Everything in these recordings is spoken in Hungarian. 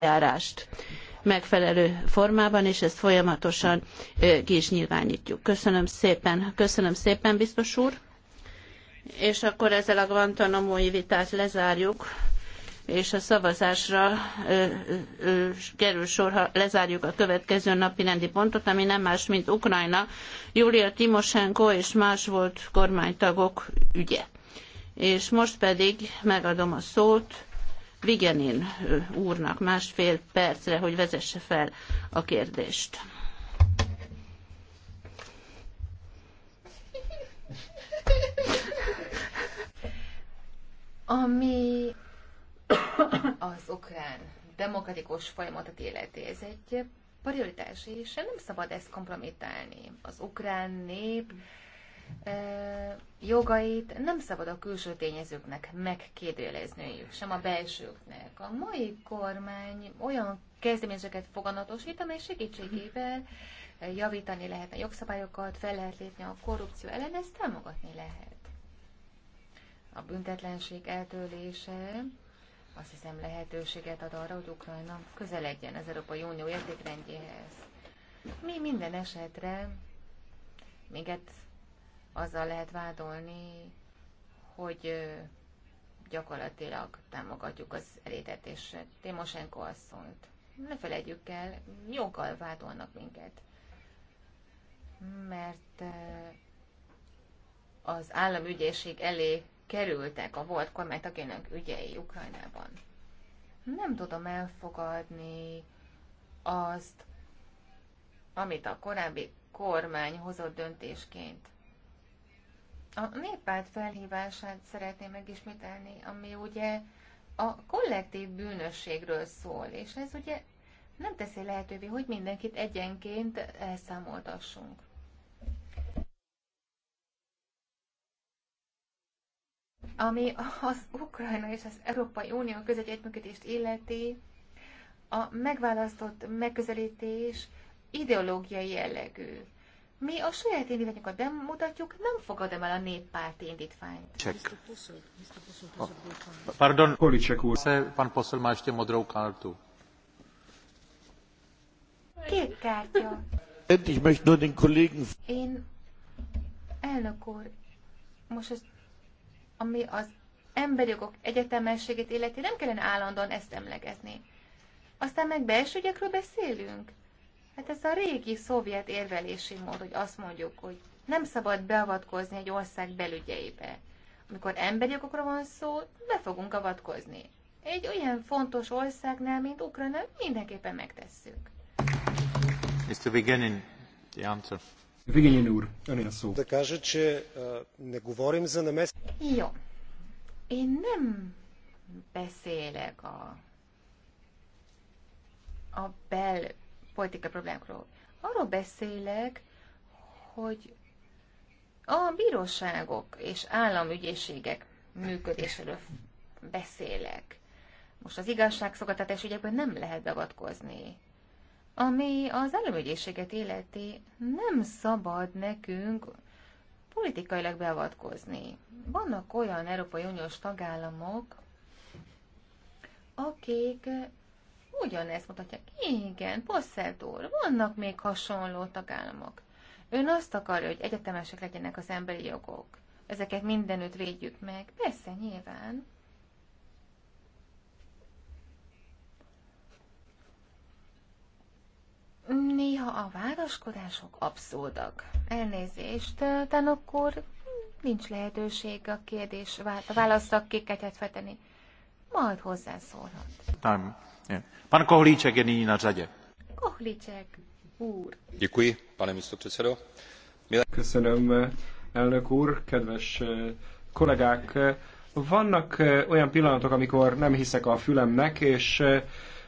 eljárást megfelelő formában, és ezt folyamatosan ki is nyilvánítjuk. Köszönöm szépen, köszönöm szépen, biztos úr. És akkor ezzel a Guantanamo-i vitát lezárjuk, és a szavazásra ö, ö, kerül sor, ha lezárjuk a következő napi rendi pontot, ami nem más, mint Ukrajna, Julia Timoshenko és más volt kormánytagok ügye. És most pedig megadom a szót Vigenin úrnak másfél percre, hogy vezesse fel a kérdést. Ami az ukrán demokratikus folyamatot életi, ez egy prioritás, és nem szabad ezt kompromitálni. Az ukrán nép mm jogait nem szabad a külső tényezőknek megkérdőjelezniük, sem a belsőknek. A mai kormány olyan kezdeményezéseket foganatosít, amely segítségével javítani lehetne jogszabályokat, fel lehet lépni a korrupció ellen, ezt támogatni lehet. A büntetlenség eltőlése azt hiszem lehetőséget ad arra, hogy Ukrajna közeledjen az Európai Unió értékrendjéhez. Mi minden esetre, még egy azzal lehet vádolni, hogy gyakorlatilag támogatjuk az elétetés azt asszonyt. Ne felejtjük el, joggal vádolnak minket, mert az államügyészség elé kerültek a volt kormánytagjának ügyei Ukrajnában. Nem tudom elfogadni azt, amit a korábbi kormány hozott döntésként a néppárt felhívását szeretném megismételni, ami ugye a kollektív bűnösségről szól, és ez ugye nem teszi lehetővé, hogy mindenkit egyenként elszámoltassunk. Ami az Ukrajna és az Európai Unió közötti együttműködést illeti, a megválasztott megközelítés ideológiai jellegű. Mi a saját indítványokat bemutatjuk, nem fogadom el a néppárti indítványt. Csak. Oh. Pardon, Kolicek úr. pan poszol má ještě modrou kartu. Két kártya. Ich möchte nur den Kollegen... Én, elnök úr, most az, ami az emberi jogok egyetemességét illeti, nem kellene állandóan ezt emlegetni. Aztán meg belső ügyekről beszélünk. Hát ez a régi szovjet érvelési mód, hogy azt mondjuk, hogy nem szabad beavatkozni egy ország belügyeibe. Amikor emberi jogokra van szó, be fogunk avatkozni. Egy olyan fontos országnál, mint Ukrajna, mindenképpen megtesszük. Mr. Vigenin, the answer. Vigenin úr, a szó. De кажа, че ne govorim za nemes... Jó. Én nem beszélek a, a bel politikai problémákról. Arról beszélek, hogy a bíróságok és államügyészségek működéséről beszélek. Most az igazságszolgáltatás ügyekben nem lehet beavatkozni. Ami az államügyészséget illeti, nem szabad nekünk politikailag beavatkozni. Vannak olyan Európai Uniós tagállamok, akik ugyanezt mutatják. Igen, Posselt vannak még hasonló tagállamok. Ön azt akarja, hogy egyetemesek legyenek az emberi jogok. Ezeket mindenütt védjük meg. Persze, nyilván. Néha a városkodások abszurdak. Elnézést, de akkor nincs lehetőség a kérdés, a válaszra kékeket feteni. Majd hozzászólhat. Time. Pan Kohlíček je nyní na řadě. Kohlíček úr. Děkuji, pane místopředsedo. Milé... Köszönöm, elnök úr, kedves eh, kollégák. Vannak eh, olyan pillanatok, amikor nem hiszek a fülemnek, és eh,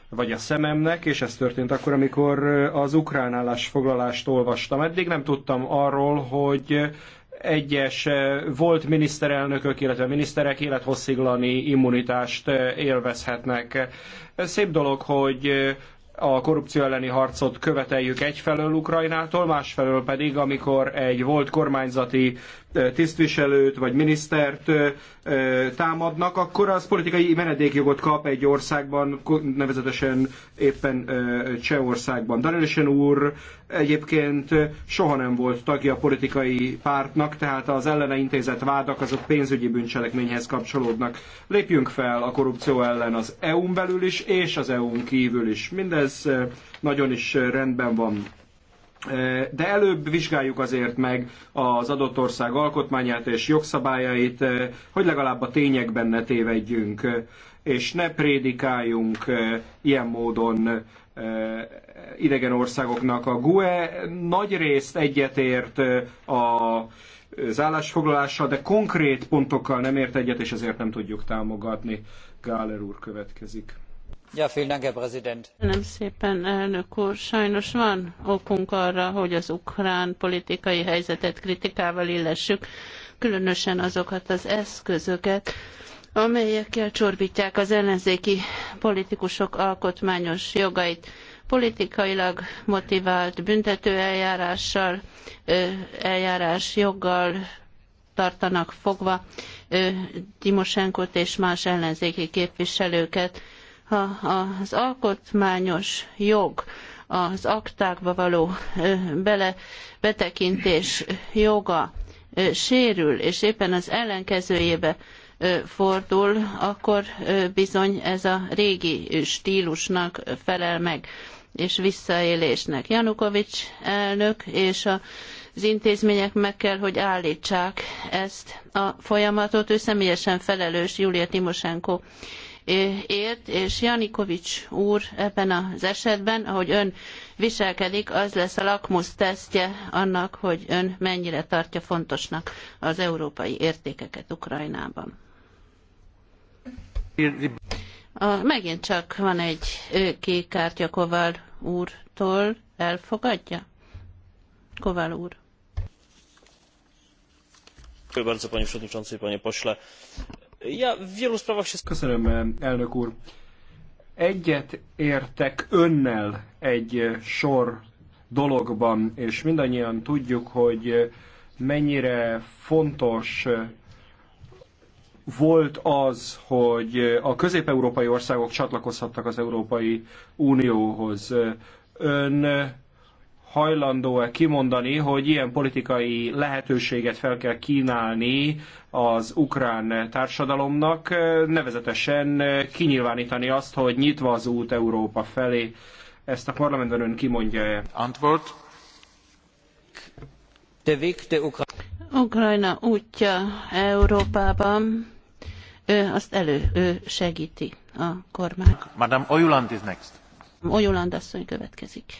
vagy a szememnek, és ez történt akkor, amikor az ukrán állásfoglalást olvastam. Eddig nem tudtam arról, hogy egyes eh, volt miniszterelnökök, illetve miniszterek élethosszíglani immunitást eh, élvezhetnek. Szép dolog, hogy eh, a korrupció elleni harcot követeljük egyfelől Ukrajnától, másfelől pedig, amikor egy volt kormányzati tisztviselőt vagy minisztert támadnak, akkor az politikai menedékjogot kap egy országban, nevezetesen éppen Csehországban. Danielsen úr egyébként soha nem volt tagja a politikai pártnak, tehát az ellene intézett vádak azok pénzügyi bűncselekményhez kapcsolódnak. Lépjünk fel a korrupció ellen az EU-n belül is és az EU-n kívül is. Mindez ez nagyon is rendben van. De előbb vizsgáljuk azért meg az adott ország alkotmányát és jogszabályait, hogy legalább a tényekben ne tévedjünk, és ne prédikáljunk ilyen módon idegen országoknak. A GUE nagy részt egyetért a az állásfoglalással, de konkrét pontokkal nem ért egyet, és ezért nem tudjuk támogatni. Gáler úr következik szépen, Sajnos van okunk arra, hogy az ukrán politikai helyzetet kritikával illessük, különösen azokat az eszközöket, amelyekkel csorbítják az ellenzéki politikusok alkotmányos jogait politikailag motivált büntetőeljárással, eljárásjoggal tartanak fogva Timosenkot és más ellenzéki képviselőket az alkotmányos jog, az aktákba való bele betekintés joga sérül, és éppen az ellenkezőjébe fordul, akkor bizony ez a régi stílusnak felel meg és visszaélésnek. Janukovics elnök és az intézmények meg kell, hogy állítsák ezt a folyamatot. Ő személyesen felelős, Julia Timosenko ért, és Janikovics úr ebben az esetben, ahogy ön viselkedik, az lesz a lakmusz tesztje annak, hogy ön mennyire tartja fontosnak az európai értékeket Ukrajnában. A, megint csak van egy kék kártya Koval úrtól. Elfogadja? Koval úr. Dziękuję bardzo panie przewodniczący, panie pośle ja w wielu sprawach się... Köszönöm, eh, elnök úr. Egyet értek önnel egy eh, sor dologban, és mindannyian tudjuk, hogy eh, mennyire fontos volt az, hogy a közép-európai országok csatlakozhattak az Európai Unióhoz. Ön hajlandó-e kimondani, hogy ilyen politikai lehetőséget fel kell kínálni az ukrán társadalomnak, nevezetesen kinyilvánítani azt, hogy nyitva az út Európa felé. Ezt a parlamentben ön kimondja-e? Antwort. De de Ukra- Ukrajna útja Európában, ő azt elő, ő segíti a kormány. Madame Ojuland is next. Ojuland asszony következik.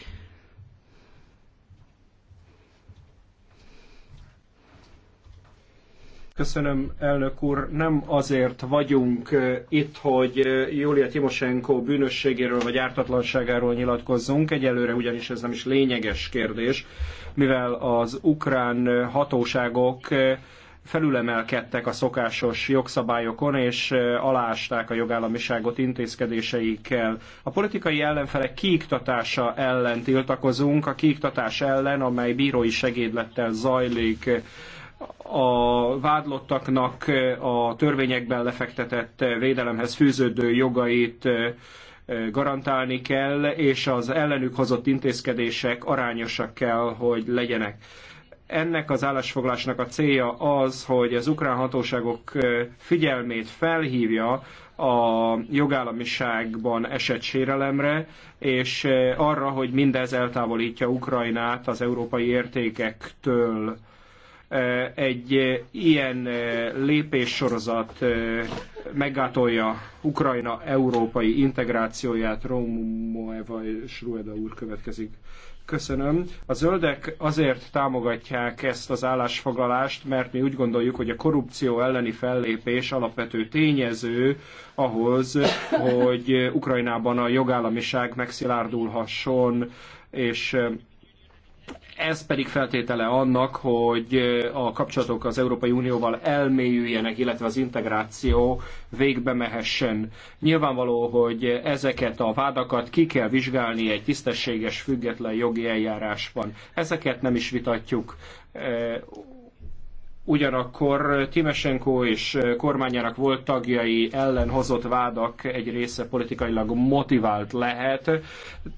Köszönöm, elnök úr. Nem azért vagyunk itt, hogy Julia Timoshenko bűnösségéről vagy ártatlanságáról nyilatkozzunk, egyelőre ugyanis ez nem is lényeges kérdés, mivel az ukrán hatóságok felülemelkedtek a szokásos jogszabályokon, és alásták a jogállamiságot intézkedéseikkel. A politikai ellenfelek kiiktatása ellen tiltakozunk, a kiiktatás ellen, amely bírói segédlettel zajlik a vádlottaknak a törvényekben lefektetett védelemhez fűződő jogait garantálni kell, és az ellenük hozott intézkedések arányosak kell, hogy legyenek. Ennek az állásfoglásnak a célja az, hogy az ukrán hatóságok figyelmét felhívja a jogállamiságban esett sérelemre, és arra, hogy mindez eltávolítja Ukrajnát az európai értékektől egy ilyen lépéssorozat meggátolja Ukrajna európai integrációját. Rómoeva és Rueda úr következik. Köszönöm. A zöldek azért támogatják ezt az állásfoglalást, mert mi úgy gondoljuk, hogy a korrupció elleni fellépés alapvető tényező ahhoz, hogy Ukrajnában a jogállamiság megszilárdulhasson, és ez pedig feltétele annak, hogy a kapcsolatok az Európai Unióval elmélyüljenek, illetve az integráció végbe mehessen. Nyilvánvaló, hogy ezeket a vádakat ki kell vizsgálni egy tisztességes, független jogi eljárásban. Ezeket nem is vitatjuk Ugyanakkor Timesenko és kormányának volt tagjai ellen hozott vádak egy része politikailag motivált lehet.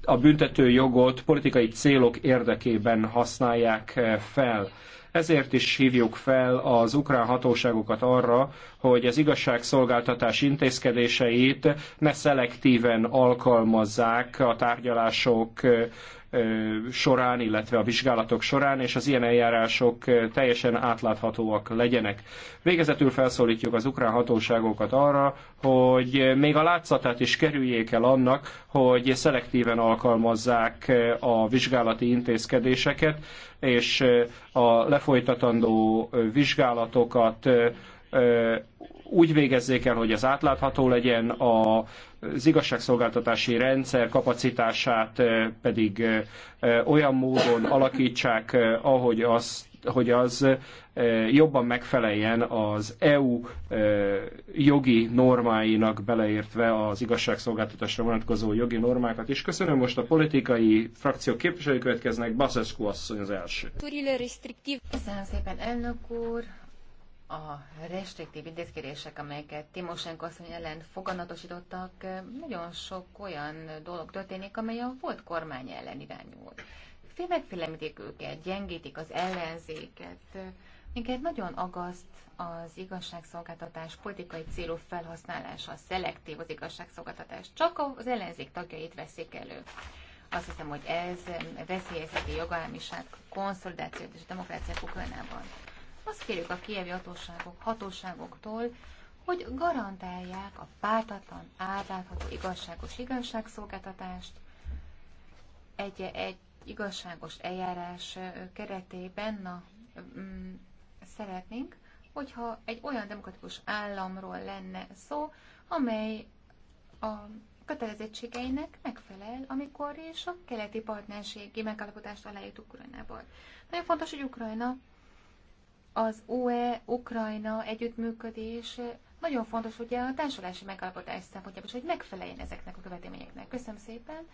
A büntető jogot politikai célok érdekében használják fel. Ezért is hívjuk fel az ukrán hatóságokat arra, hogy az igazságszolgáltatás intézkedéseit ne szelektíven alkalmazzák a tárgyalások során, illetve a vizsgálatok során, és az ilyen eljárások teljesen átláthatóak legyenek. Végezetül felszólítjuk az ukrán hatóságokat arra, hogy még a látszatát is kerüljék el annak, hogy szelektíven alkalmazzák a vizsgálati intézkedéseket, és a lefolytatandó vizsgálatokat úgy végezzék el, hogy az átlátható legyen, az igazságszolgáltatási rendszer kapacitását pedig olyan módon alakítsák, ahogy az, hogy az jobban megfeleljen az EU jogi normáinak, beleértve az igazságszolgáltatásra vonatkozó jogi normákat is. Köszönöm, most a politikai frakciók képviselői következnek, Baszeszku asszony az első. Köszönöm szépen, elnök úr, a restriktív intézkedések, amelyeket Timosenko asszony ellen foganatosítottak, nagyon sok olyan dolog történik, amely a volt kormány ellen irányul. Megfélemítik őket, gyengítik az ellenzéket. Minket nagyon agaszt az igazságszolgáltatás politikai célú felhasználása, a szelektív az igazságszolgáltatás. Csak az ellenzék tagjait veszik elő. Azt hiszem, hogy ez veszélyezteti jogállamiság konszolidációt és a demokráciát Ukrajnában azt kérjük a kievi hatóságok, hatóságoktól, hogy garantálják a pártatlan, átlátható, igazságos igazságszolgáltatást, egy, egy igazságos eljárás keretében na, mm, szeretnénk, hogyha egy olyan demokratikus államról lenne szó, amely a kötelezettségeinek megfelel, amikor is a keleti partnerségi megállapodást aláírtuk Ukrajnából. Nagyon fontos, hogy Ukrajna az UE-Ukrajna együttműködés nagyon fontos ugye a társulási megalapodás szempontjából, hogy megfeleljen ezeknek a követelményeknek. Köszönöm szépen.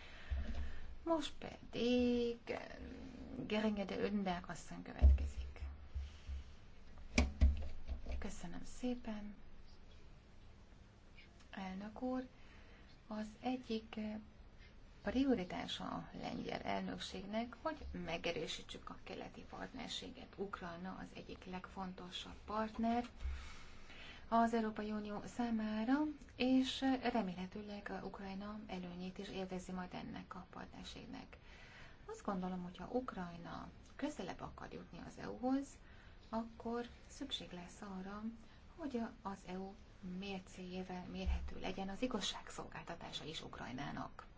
Most pedig Geringede Önberg aztán következik. Köszönöm szépen. Elnök úr, az egyik prioritása a lengyel elnökségnek, hogy megerősítsük a keleti partnerséget. Ukrajna az egyik legfontosabb partner az Európai Unió számára, és remélhetőleg a Ukrajna előnyét is élvezi majd ennek a partnerségnek. Azt gondolom, hogy ha Ukrajna közelebb akar jutni az EU-hoz, akkor szükség lesz arra, hogy az EU mércéjével mérhető legyen az igazságszolgáltatása is Ukrajnának.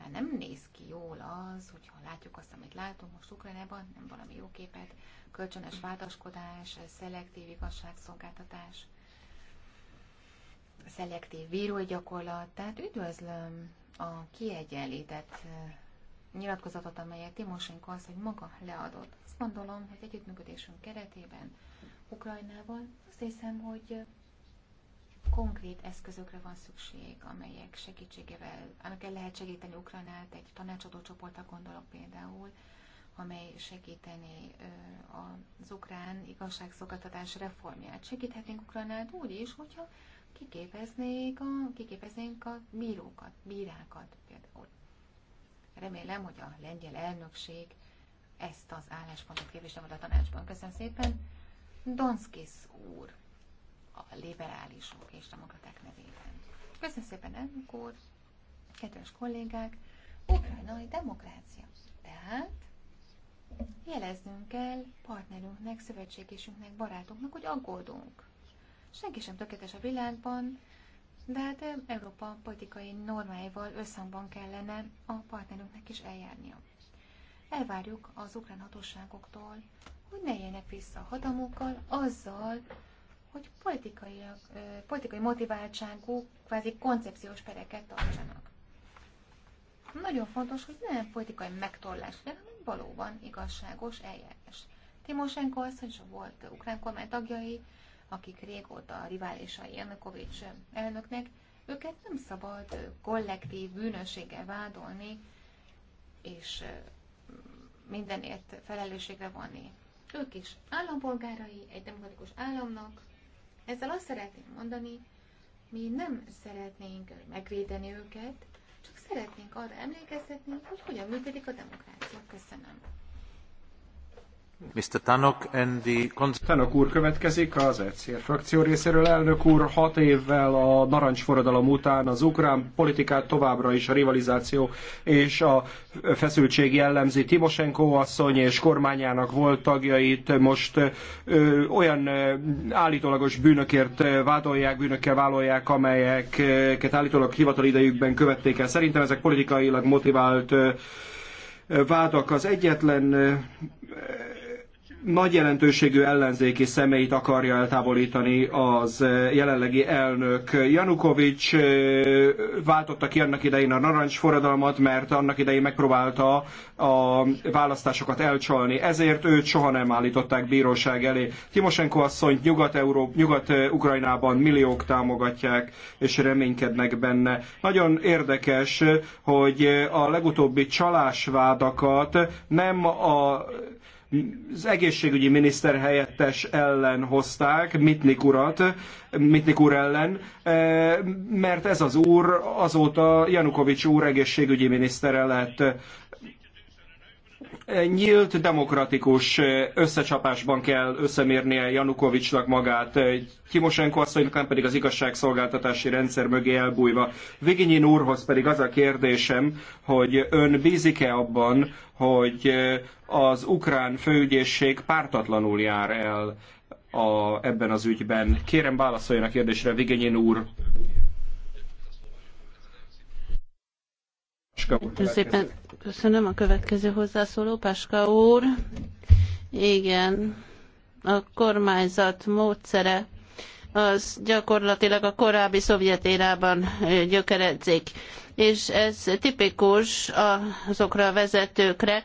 Hát nem néz ki jól az, hogyha látjuk azt, amit látunk most Ukrajnában, nem valami jó képet, kölcsönös vádaskodás, szelektív igazságszolgáltatás, szelektív bírói gyakorlat, tehát üdvözlöm a kiegyenlített eh, nyilatkozatot, amelyet Timoshenko az, hogy maga leadott. Azt gondolom, hogy együttműködésünk keretében Ukrajnával azt hiszem, hogy konkrét eszközökre van szükség, amelyek segítségével, amikkel lehet segíteni Ukrajnát, egy tanácsadó csoportra gondolok például, amely segíteni az ukrán igazságszolgáltatás reformját. Segíthetnénk Ukrajnát úgy is, hogyha kiképeznék a, kiképeznénk a bírókat, bírákat például. Remélem, hogy a lengyel elnökség ezt az álláspontot képvisel a tanácsban. Köszönöm szépen. Donskis úr a liberálisok és demokraták nevében. Köszönöm szépen, elnök úr, kedves kollégák, ukrajnai demokrácia. Tehát jeleznünk kell partnerünknek, szövetségésünknek, barátunknak, hogy aggódunk. Senki sem tökéletes a világban, de hát eh, Európa politikai normáival összhangban kellene a partnerünknek is eljárnia. Elvárjuk az ukrán hatóságoktól, hogy ne éljenek vissza a hadamokkal, azzal, hogy politikai, politikai motiváltságú, kvázi koncepciós pereket tartsanak. Nagyon fontos, hogy nem politikai megtorlás legyen, hanem valóban igazságos eljárás. Timosenko azt, hogy volt ukrán kormány tagjai, akik régóta riválisai Janukovics elnöknek, őket nem szabad kollektív bűnösséggel vádolni, és mindenért felelősségre vonni. Ők is állampolgárai egy demokratikus államnak, ezzel azt szeretném mondani, mi nem szeretnénk megvédeni őket, csak szeretnénk arra emlékeztetni, hogy hogyan működik a demokrácia. Köszönöm. Mr. Tanok and the... Tanok úr következik az ECR frakció részéről. Elnök úr, hat évvel a narancsforradalom után az ukrán politikát továbbra is a rivalizáció és a feszültség jellemzi. Timosenko asszony és kormányának volt tagjait most ö, olyan ö, állítólagos bűnökért vádolják, bűnökkel vállalják, amelyeket állítólag hivatali idejükben követték el. Szerintem ezek politikailag motivált ö, vádak. Az egyetlen nagy jelentőségű ellenzéki személyt akarja eltávolítani az eh, jelenlegi elnök. Janukovics eh, váltotta ki annak idején a narancsforradalmat, mert annak idején megpróbálta a választásokat elcsalni. Ezért őt soha nem állították bíróság elé. Timosenko asszonyt Nyugat-Ukrajnában Nyugat milliók támogatják és reménykednek benne. Nagyon érdekes, hogy a legutóbbi csalásvádakat nem a az egészségügyi miniszter helyettes ellen hozták, Mitnik urat, Mitnik úr ellen, eh, mert ez az úr azóta Janukovics úr egészségügyi minisztere lett nyílt, demokratikus összecsapásban kell összemérnie Janukovicsnak magát, Timosenko asszonynak nem pedig az igazságszolgáltatási rendszer mögé elbújva. Viginyin úrhoz pedig az a kérdésem, hogy ön bízik-e abban, hogy az ukrán főügyészség pártatlanul jár el a, ebben az ügyben. Kérem válaszoljon a kérdésre, Vigenyin úr. Páska úr. Szépen köszönöm a következő hozzászóló, Páska úr. Igen, a kormányzat módszere az gyakorlatilag a korábbi szovjet érában gyökeredzik. És ez tipikus azokra a vezetőkre,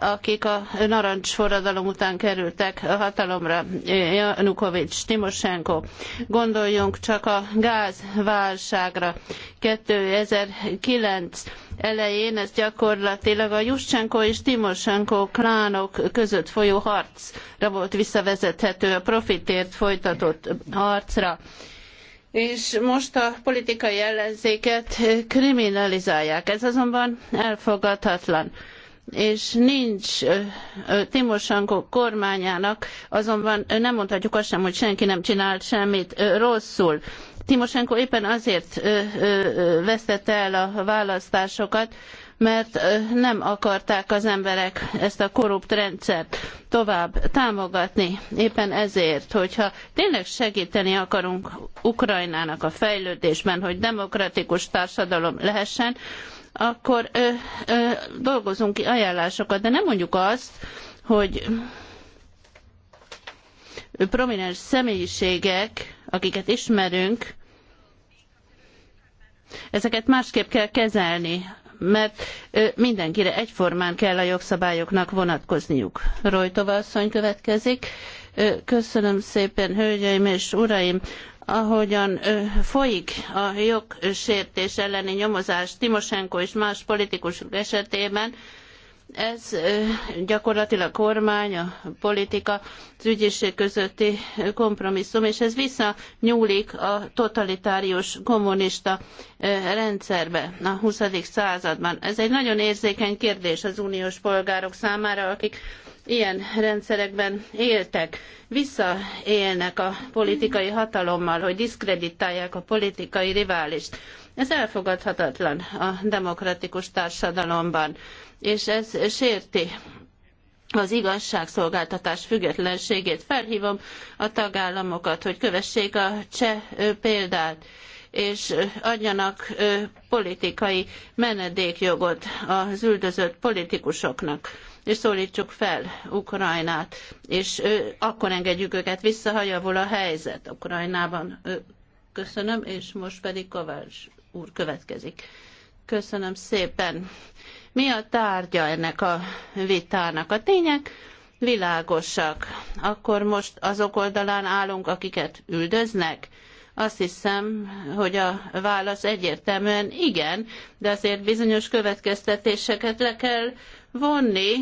akik a narancs forradalom után kerültek a hatalomra, Janukovics, Timoshenko. Gondoljunk csak a gázválságra. 2009 elején ez gyakorlatilag a Juschenko és Timoshenko klánok között folyó harcra volt visszavezethető, a profitért folytatott harcra és most a politikai ellenzéket kriminalizálják. Ez azonban elfogadhatatlan és nincs Timosanko kormányának, azonban nem mondhatjuk azt sem, hogy senki nem csinált semmit rosszul. Timosenko éppen azért vesztette el a választásokat, mert nem akarták az emberek ezt a korrupt rendszert tovább támogatni. Éppen ezért, hogyha tényleg segíteni akarunk Ukrajnának a fejlődésben, hogy demokratikus társadalom lehessen, akkor ö, ö, dolgozunk ki ajánlásokat, de nem mondjuk azt, hogy prominens személyiségek, akiket ismerünk, ezeket másképp kell kezelni, mert mindenkire egyformán kell a jogszabályoknak vonatkozniuk. Rojtova asszony következik. Köszönöm szépen, hölgyeim és uraim! ahogyan folyik a jogsértés elleni nyomozás Timosenko és más politikusok esetében, ez gyakorlatilag kormány, a politika, az ügyészség közötti kompromisszum, és ez visszanyúlik a totalitárius kommunista rendszerbe a 20. században. Ez egy nagyon érzékeny kérdés az uniós polgárok számára, akik ilyen rendszerekben éltek, visszaélnek a politikai hatalommal, hogy diszkreditálják a politikai riválist. Ez elfogadhatatlan a demokratikus társadalomban, és ez sérti az igazságszolgáltatás függetlenségét. Felhívom a tagállamokat, hogy kövessék a cseh példát, és adjanak politikai menedékjogot az üldözött politikusoknak és szólítsuk fel Ukrajnát, és akkor engedjük őket vissza, ha javul a helyzet Ukrajnában. Köszönöm, és most pedig Kovács úr következik. Köszönöm szépen. Mi a tárgya ennek a vitának? A tények világosak. Akkor most azok oldalán állunk, akiket üldöznek? Azt hiszem, hogy a válasz egyértelműen igen, de azért bizonyos következtetéseket le kell vonni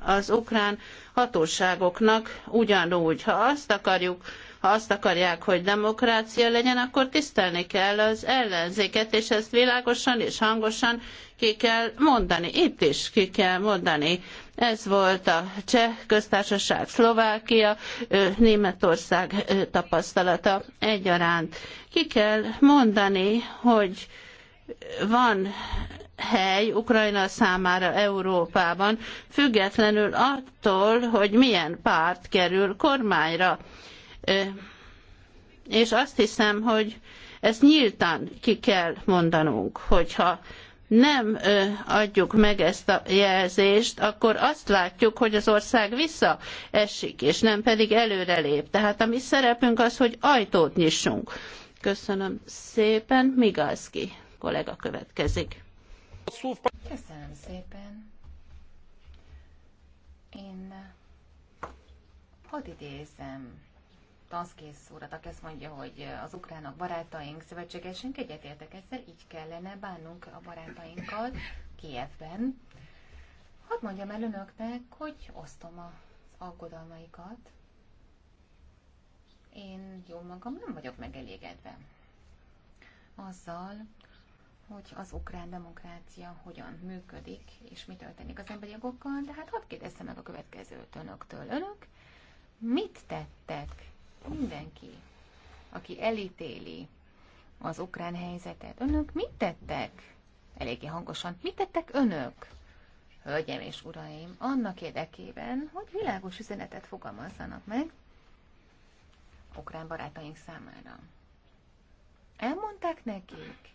az ukrán hatóságoknak ugyanúgy. Ha azt akarjuk, ha azt akarják, hogy demokrácia legyen, akkor tisztelni kell az ellenzéket, és ezt világosan és hangosan ki kell mondani. Itt is ki kell mondani. Ez volt a Cseh köztársaság, Szlovákia, Németország tapasztalata egyaránt. Ki kell mondani, hogy van hely Ukrajna számára Európában, függetlenül attól, hogy milyen párt kerül kormányra. És azt hiszem, hogy ezt nyíltan ki kell mondanunk, hogyha nem adjuk meg ezt a jelzést, akkor azt látjuk, hogy az ország visszaesik, és nem pedig előrelép. Tehát a mi szerepünk az, hogy ajtót nyissunk. Köszönöm szépen. Migalski kollega következik. Köszönöm szépen. Én hadd idézem Tanszkész úrat, aki azt mondja, hogy az ukránok barátaink, szövetségesünk egyetértek ezzel, így kellene bánnunk a barátainkkal Kievben. Hadd mondjam el önöknek, hogy osztom az aggodalmaikat. Én jó magam nem vagyok megelégedve azzal, hogy az ukrán demokrácia hogyan működik, és mi történik az emberi jogokkal, de hát hadd kérdezzem meg a következőt önöktől. Önök mit tettek mindenki, aki elítéli az ukrán helyzetet? Önök mit tettek? Eléggé hangosan. Mit tettek önök? Hölgyem és uraim, annak érdekében, hogy világos üzenetet fogalmazzanak meg ukrán barátaink számára. Elmondták nekik,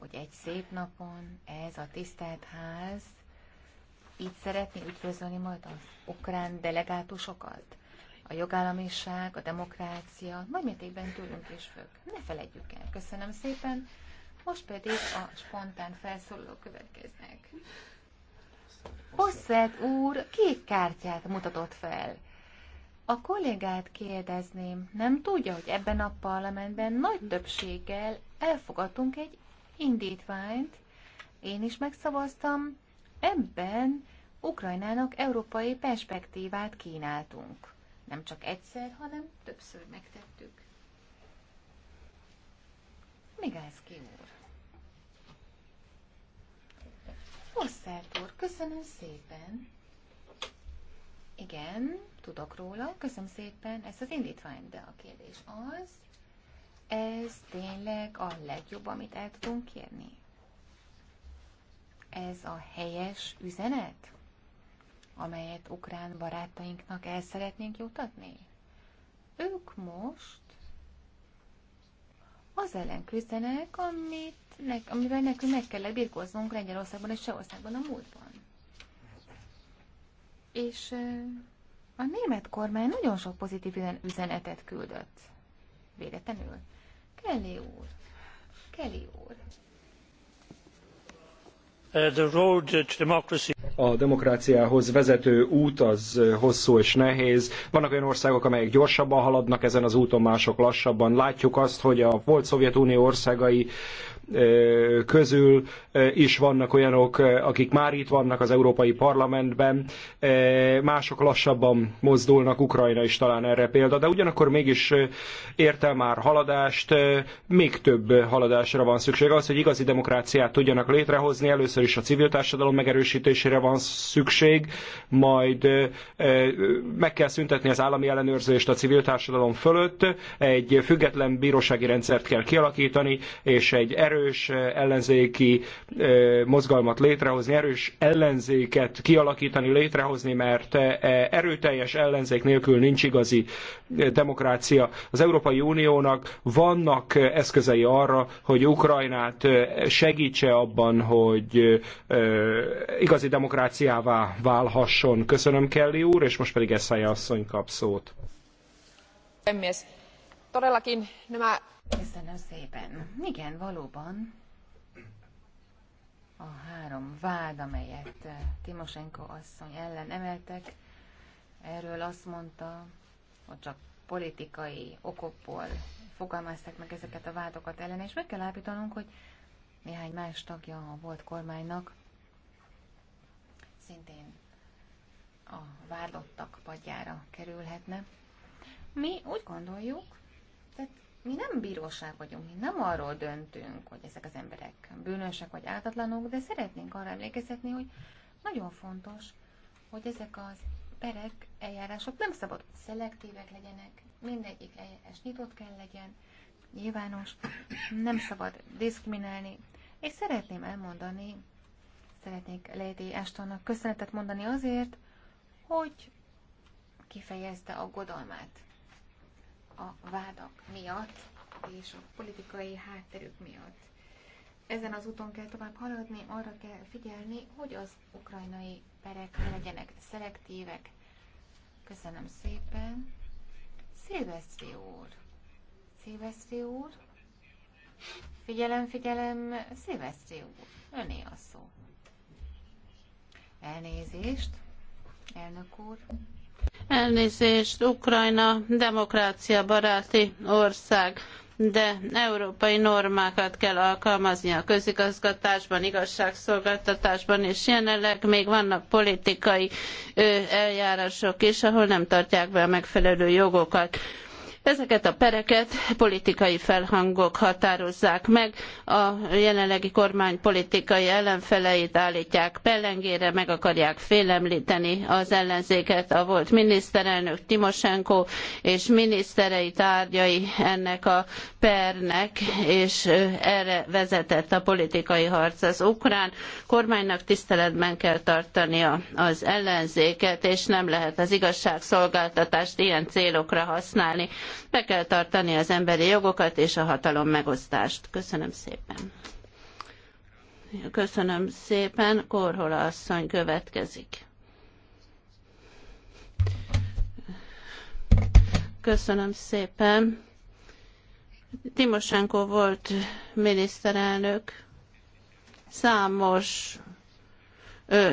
hogy egy szép napon ez a tisztelt ház így szeretné üdvözölni majd az ukrán delegátusokat. A jogállamiság, a demokrácia nagy mértékben tőlünk is függ. Ne felejtjük el. Köszönöm szépen. Most pedig a spontán felszólalók következnek. Hosszett úr kék kártyát mutatott fel. A kollégát kérdezném, nem tudja, hogy ebben a parlamentben nagy többséggel elfogadtunk egy indítványt, én is megszavaztam, ebben Ukrajnának európai perspektívát kínáltunk. Nem csak egyszer, hanem többször megtettük. Migászki úr. Hosszárt úr, köszönöm szépen. Igen, tudok róla, köszönöm szépen ezt az indítványt, de a kérdés az, ez tényleg a legjobb, amit el tudunk kérni? Ez a helyes üzenet, amelyet ukrán barátainknak el szeretnénk jutatni? Ők most az ellen küzdenek, amit ne, amivel nekünk meg kellett birkóznunk Lengyelországban és Csehországban a múltban. És a német kormány nagyon sok pozitív üzenetet küldött véletlenül. Kelly úr. Kelly úr. Uh, the road to democracy a demokráciához vezető út az uh, hosszú és nehéz. Vannak olyan országok, amelyek gyorsabban haladnak ezen az úton, mások lassabban. Látjuk azt, hogy a volt Szovjetunió országai közül is vannak olyanok, akik már itt vannak az Európai Parlamentben, mások lassabban mozdulnak, Ukrajna is talán erre példa, de ugyanakkor mégis ért el már haladást, még több haladásra van szükség. Az, hogy igazi demokráciát tudjanak létrehozni, először is a civil társadalom megerősítésére van szükség, majd meg kell szüntetni az állami ellenőrzést a civil társadalom fölött, egy független bírósági rendszert kell kialakítani, és egy erő erős ellenzéki mozgalmat létrehozni, erős ellenzéket kialakítani, létrehozni, mert e, erőteljes ellenzék nélkül nincs igazi demokrácia. Az Európai Uniónak vannak eszközei arra, hogy Ukrajnát segítse abban, hogy igazi demokráciává válhasson. Köszönöm, Kelly úr, és most pedig Eszája asszony kap szót todellakin nämä... Köszönöm szépen. Igen, valóban a három vád, amelyet eh, Timosenko asszony ellen emeltek, erről azt mondta, hogy csak politikai okokból fogalmazták meg ezeket a vádokat ellen, és meg kell állapítanunk, hogy néhány más tagja a volt kormánynak szintén a vádlottak padjára kerülhetne. Mi úgy gondoljuk, tehát mi nem bíróság vagyunk, mi nem arról döntünk, hogy ezek az emberek bűnösek vagy áltatlanok, de szeretnénk arra emlékeztetni, hogy nagyon fontos, hogy ezek az perek, eljárások nem szabad, hogy szelektívek legyenek, mindegyik eljárás nyitott kell legyen, nyilvános, nem szabad diszkriminálni. És szeretném elmondani, szeretnék Lady Ashtonnak köszönetet mondani azért, hogy kifejezte a godalmát a vádak miatt és a politikai hátterük miatt. Ezen az úton kell tovább haladni, arra kell figyelni, hogy az ukrajnai perek legyenek szelektívek. Köszönöm szépen. Szilveszti úr. Szilveszti úr. Figyelem, figyelem, Szilveszti úr. Öné a szó. Elnézést, elnök úr. Elnézést, Ukrajna demokrácia baráti ország, de európai normákat kell alkalmazni a közigazgatásban, igazságszolgáltatásban, és jelenleg még vannak politikai eljárások is, ahol nem tartják be a megfelelő jogokat Ezeket a pereket politikai felhangok határozzák meg, a jelenlegi kormány politikai ellenfeleit állítják pellengére, meg akarják félemlíteni az ellenzéket. A volt miniszterelnök Timosenko és miniszterei tárgyai ennek a pernek, és erre vezetett a politikai harc. Az ukrán kormánynak tiszteletben kell tartania az ellenzéket, és nem lehet az igazságszolgáltatást ilyen célokra használni. Be kell tartani az emberi jogokat és a hatalom megosztást. Köszönöm szépen. Köszönöm szépen. Korhola asszony következik. Köszönöm szépen. Timosenko volt miniszterelnök. Számos ö,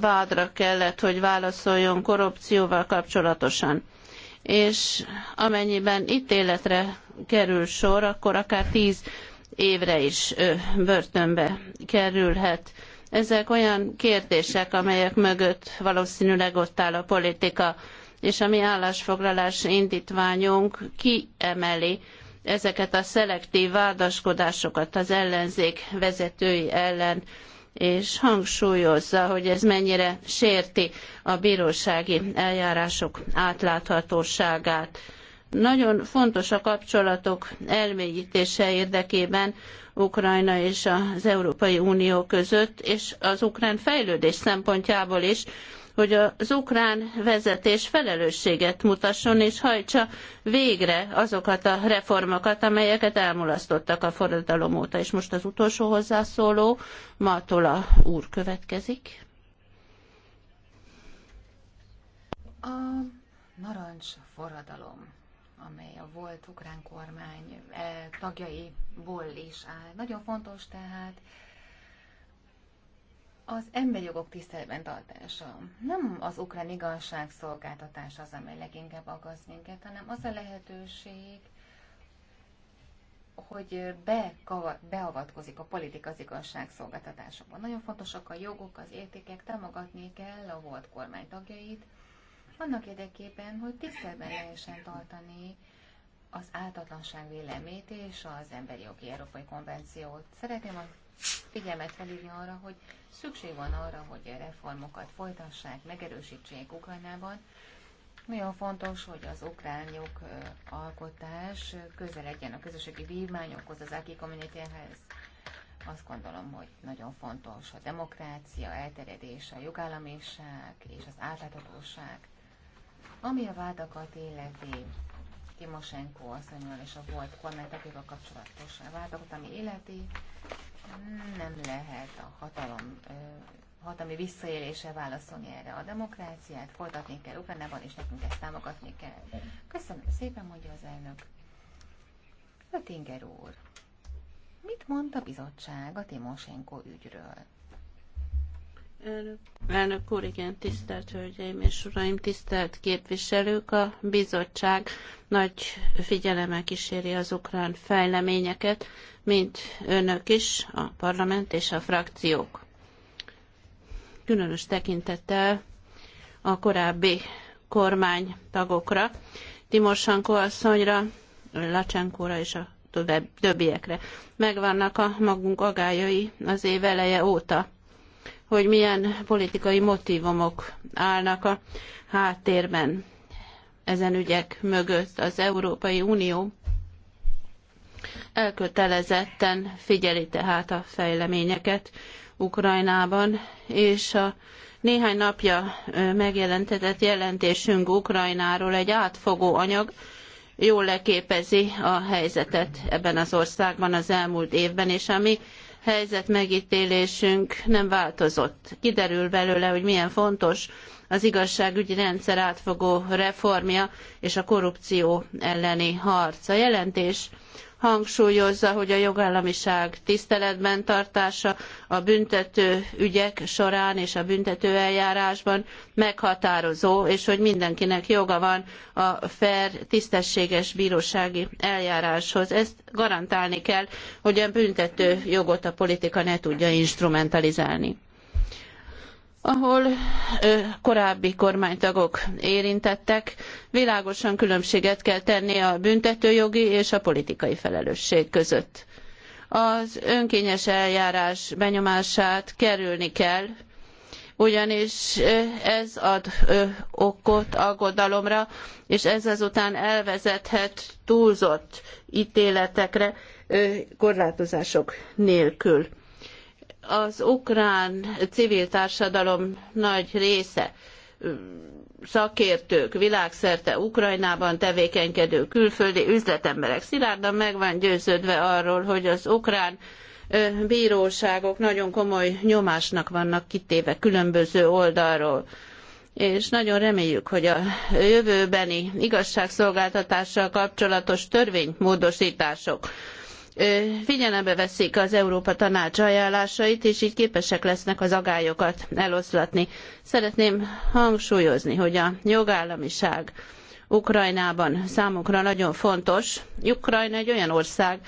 vádra kellett, hogy válaszoljon korrupcióval kapcsolatosan és amennyiben ítéletre kerül sor, akkor akár tíz évre is börtönbe kerülhet. Ezek olyan kérdések, amelyek mögött valószínűleg ott áll a politika, és a mi állásfoglalás indítványunk kiemeli ezeket a szelektív vádaskodásokat az ellenzék vezetői ellen és hangsúlyozza, hogy ez mennyire sérti a bírósági eljárások átláthatóságát. Nagyon fontos a kapcsolatok elmélyítése érdekében Ukrajna és az Európai Unió között, és az ukrán fejlődés szempontjából is, hogy az ukrán vezetés felelősséget mutasson és hajtsa végre azokat a reformokat, amelyeket elmulasztottak a forradalom óta. És most az utolsó hozzászóló, Matola úr következik. A narancs forradalom amely a volt ukrán kormány eh, tagjaiból is áll. Nagyon fontos tehát az emberi jogok tiszteletben tartása. Nem az ukrán igazságszolgáltatás az, amely leginkább aggaszt minket, hanem az a lehetőség, hogy be beavatkozik a politika az igazságszolgáltatásokban. Nagyon fontosak a jogok, az értékek, támogatni kell a volt kormány tagjait, annak érdekében, hogy tiszteletben lehessen tartani az áltatlanság vélemét és az Emberi Jogi Európai Konvenciót. Szeretném a figyelmet felhívni arra, hogy szükség van arra, hogy a reformokat folytassák, megerősítsék Ukrajnában. Nagyon fontos, hogy az ukránok alkotás közel legyen a közösségi vívmányokhoz, az Aki Communityhez. Azt gondolom, hogy nagyon fontos a demokrácia elterjedése, a jogállamiság és az átláthatóság. Ami a vádakat illeti, Timosenko asszonyon és a volt a kapcsolatos vádakat, ami életi nem lehet a hatalom hatalmi visszaélése válaszolni erre. A demokráciát folytatni kell Ukrajnában, és nekünk ezt támogatni kell. Köszönöm szépen, mondja az elnök. Ötinger úr, mit mond a bizottság a Timosenko ügyről? Elnök, elnök úr, igen, tisztelt Hölgyeim és Uraim, tisztelt képviselők, a bizottság nagy figyelemmel kíséri az ukrán fejleményeket, mint önök is, a parlament és a frakciók. Különös tekintettel a korábbi kormány tagokra, Timosanko asszonyra, Lacsenkóra és a többiekre. Megvannak a magunk agályai az év eleje óta, hogy milyen politikai motivumok állnak a háttérben ezen ügyek mögött. Az Európai Unió Elkötelezetten figyeli tehát a fejleményeket Ukrajnában, és a néhány napja megjelentetett jelentésünk Ukrajnáról egy átfogó anyag, jól leképezi a helyzetet ebben az országban az elmúlt évben, és a mi helyzet megítélésünk nem változott. Kiderül belőle, hogy milyen fontos az igazságügyi rendszer átfogó reformja és a korrupció elleni harc. A jelentés hangsúlyozza, hogy a jogállamiság tiszteletben tartása a büntető ügyek során és a büntető eljárásban meghatározó, és hogy mindenkinek joga van a fair, tisztességes bírósági eljáráshoz. Ezt garantálni kell, hogy a büntető jogot a politika ne tudja instrumentalizálni ahol korábbi kormánytagok érintettek, világosan különbséget kell tenni a büntetőjogi és a politikai felelősség között. Az önkényes eljárás benyomását kerülni kell, ugyanis ez ad okot aggodalomra, és ez azután elvezethet túlzott ítéletekre korlátozások nélkül az ukrán civil társadalom nagy része szakértők világszerte Ukrajnában tevékenykedő külföldi üzletemberek szilárdan meg van győződve arról, hogy az ukrán bíróságok nagyon komoly nyomásnak vannak kitéve különböző oldalról. És nagyon reméljük, hogy a jövőbeni igazságszolgáltatással kapcsolatos törvénymódosítások figyelembe veszik az Európa Tanács ajánlásait, és így képesek lesznek az agályokat eloszlatni. Szeretném hangsúlyozni, hogy a jogállamiság Ukrajnában számunkra nagyon fontos. Ukrajna egy olyan ország,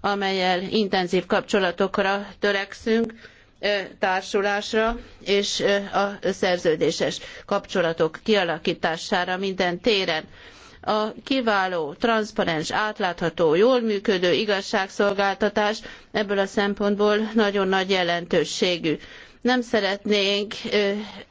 amelyel intenzív kapcsolatokra törekszünk, társulásra és a szerződéses kapcsolatok kialakítására minden téren a kiváló, transzparens, átlátható, jól működő igazságszolgáltatás ebből a szempontból nagyon nagy jelentőségű nem szeretnénk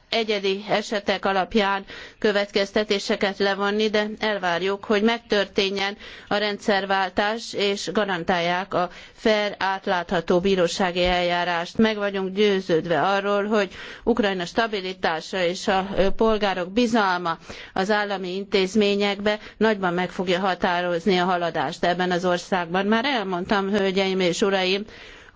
egyedi esetek alapján következtetéseket levonni, de elvárjuk, hogy megtörténjen a rendszerváltás, és garantálják a fair, átlátható bírósági eljárást. Meg vagyunk győződve arról, hogy Ukrajna stabilitása és a polgárok bizalma az állami intézményekbe nagyban meg fogja határozni a haladást ebben az országban. Már elmondtam, hölgyeim és uraim,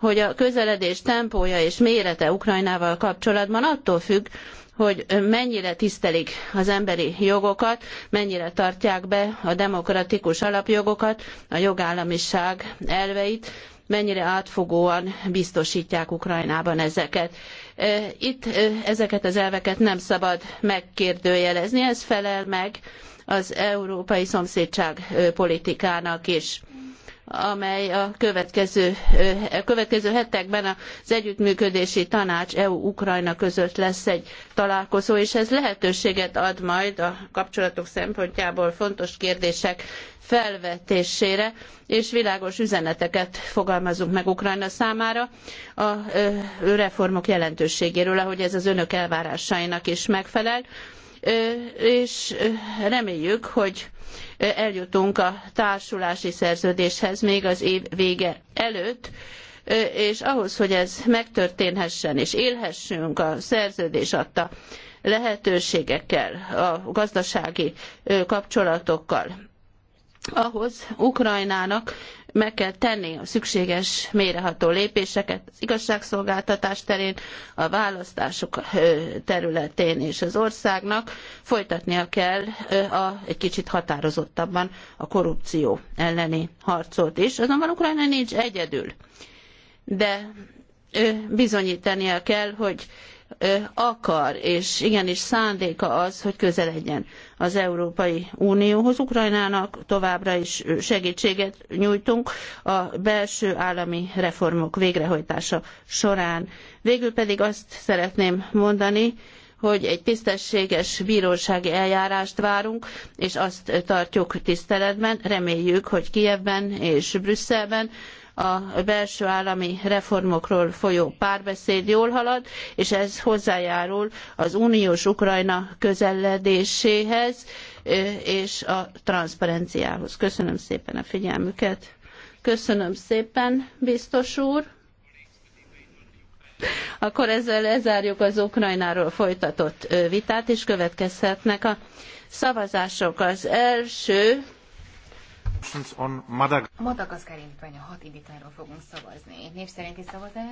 hogy a közeledés tempója és mérete Ukrajnával kapcsolatban attól függ, hogy mennyire tisztelik az emberi jogokat, mennyire tartják be a demokratikus alapjogokat, a jogállamiság elveit, mennyire átfogóan biztosítják Ukrajnában ezeket. Itt ezeket az elveket nem szabad megkérdőjelezni, ez felel meg az európai szomszédság politikának is amely a következő, a következő hetekben az együttműködési tanács EU-Ukrajna között lesz egy találkozó, és ez lehetőséget ad majd a kapcsolatok szempontjából fontos kérdések felvetésére, és világos üzeneteket fogalmazunk meg Ukrajna számára a reformok jelentőségéről, ahogy ez az önök elvárásainak is megfelel és reméljük, hogy eljutunk a társulási szerződéshez még az év vége előtt, és ahhoz, hogy ez megtörténhessen és élhessünk a szerződés adta lehetőségekkel, a gazdasági kapcsolatokkal, ahhoz Ukrajnának meg kell tenni a szükséges mélyreható lépéseket az igazságszolgáltatás terén, a választások területén és az országnak folytatnia kell a, egy kicsit határozottabban a korrupció elleni harcot is. Azonban Ukrajna nincs egyedül, de bizonyítania kell, hogy akar, és igenis szándéka az, hogy közeledjen az Európai Unióhoz. Ukrajnának továbbra is segítséget nyújtunk a belső állami reformok végrehajtása során. Végül pedig azt szeretném mondani, hogy egy tisztességes bírósági eljárást várunk, és azt tartjuk tiszteletben. Reméljük, hogy Kijevben és Brüsszelben a belső állami reformokról folyó párbeszéd jól halad, és ez hozzájárul az uniós Ukrajna közeledéséhez és a transzparenciához. Köszönöm szépen a figyelmüket. Köszönöm szépen, biztos úr. Akkor ezzel lezárjuk az Ukrajnáról folytatott vitát, és következhetnek a szavazások. Az első On Madagaszkár indítványa hat indítványról fogunk szavazni. Név szerinti szavazás.